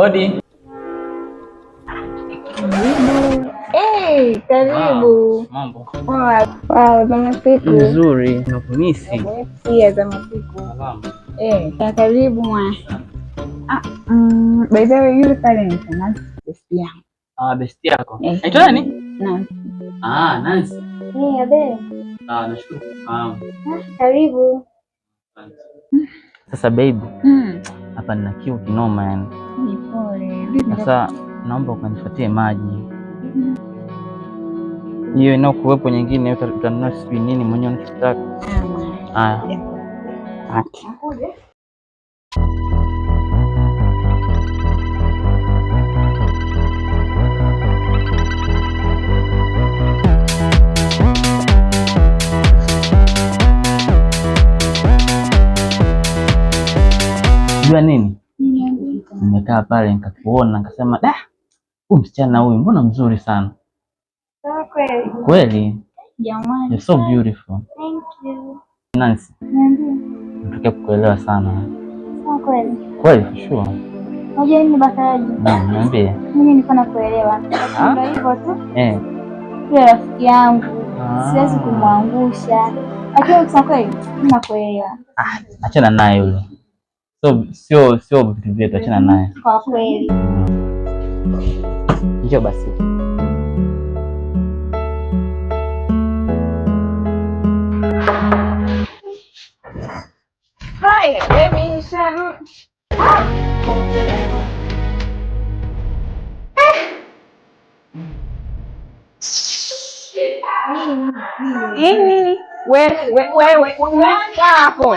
Hodi. Hey, karibu. Mambo. Wow, Nzuri. Nakumisi. Pia za Eh, karibu mwana. Ah, mm, yule pale ni kama besti yangu. Ah, besti yako. Eh. Aitwa nani? Nancy. Ah, Nancy. Eh, abe. Ah, nashukuru. Ah, karibu. Sasa baby. Mm. Hapa nina kiu kinoma yani. Sasa naomba ukanifuatie maji hiyo inaokuwepo nyingine utanunua sijui nini mwenye unachotaka. Haya. Jua nini? nimekaa pale nikakuona, nikasema da, huyu msichana huyu mbona mzuri sana kweli, you're so beautiful. Thank you. Nancy, nataka kukuelewa sana kweli, for sure. Unajua nini Bakaraji? Mm, niambie. Mimi niko na kuelewa. Ndio ah? hivyo tu. Eh. Yule rafiki yangu ah. siwezi kumwangusha. Lakini kusema kweli, ninakuelewa. Ah, achana naye yule so sio sio vitu vyetu, achana naye kwa kweli. Njoo basi. Hi, wewe unakaa hapo,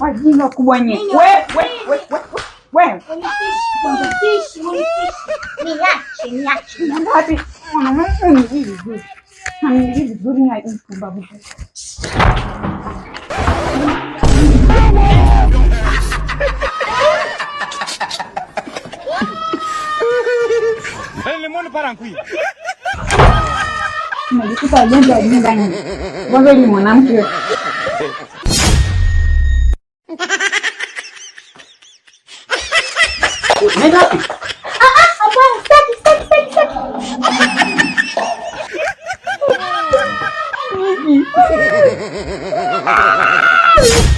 wajinga kubwa nyinyi. Parankui. Najikuta ugonjwa wa ujinga ni ugonjwa ni mwanamke. Nenda wapi? Ah ah, hapana, staki, staki, staki, staki. Ah!